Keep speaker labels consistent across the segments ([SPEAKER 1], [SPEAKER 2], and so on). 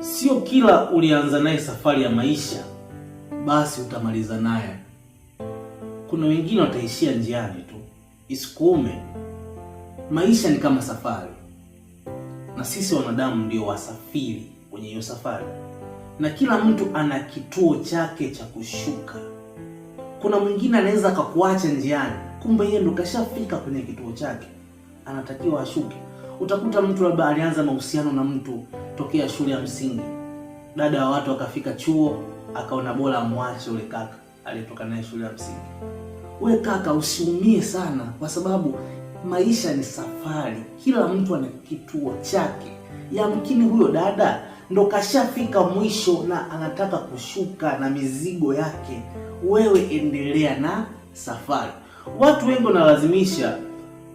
[SPEAKER 1] Sio kila ulianza naye safari ya maisha basi utamaliza naye. Kuna wengine wataishia njiani tu, isikuume. Maisha ni kama safari, na sisi wanadamu ndio wasafiri kwenye hiyo safari, na kila mtu ana kituo chake cha kushuka. Kuna mwingine anaweza akakuacha njiani, kumbe yeye ndo kashafika kwenye kituo chake, anatakiwa ashuke. Utakuta mtu labda alianza mahusiano na mtu tokea shule ya msingi, dada wa watu akafika chuo, akaona bora amwache ule kaka aliyetoka naye shule ya msingi. Ule kaka usiumie sana, kwa sababu maisha ni safari, kila mtu ana kituo chake. Yamkini huyo dada ndo kashafika mwisho na anataka kushuka na mizigo yake. Wewe endelea na safari. Watu wengi wanalazimisha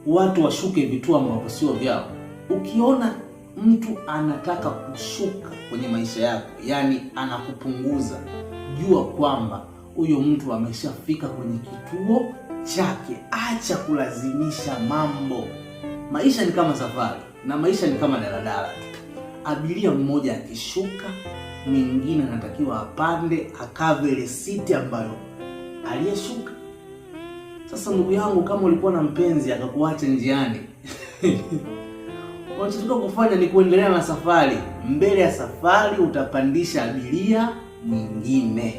[SPEAKER 1] watu washuke vituo ambavyo sio vyao. Ukiona mtu anataka kushuka kwenye maisha yako, yaani anakupunguza, jua kwamba huyo mtu ameshafika kwenye kituo chake. Acha kulazimisha mambo. Maisha ni kama safari na maisha ni kama daladala tu. Abiria mmoja akishuka, mwingine anatakiwa apande, akave ile siti ambayo aliyeshuka. Sasa ndugu yangu, kama ulikuwa na mpenzi akakuacha njiani Unachotakiwa kufanya ni kuendelea na safari. Mbele ya safari utapandisha abiria mwingine.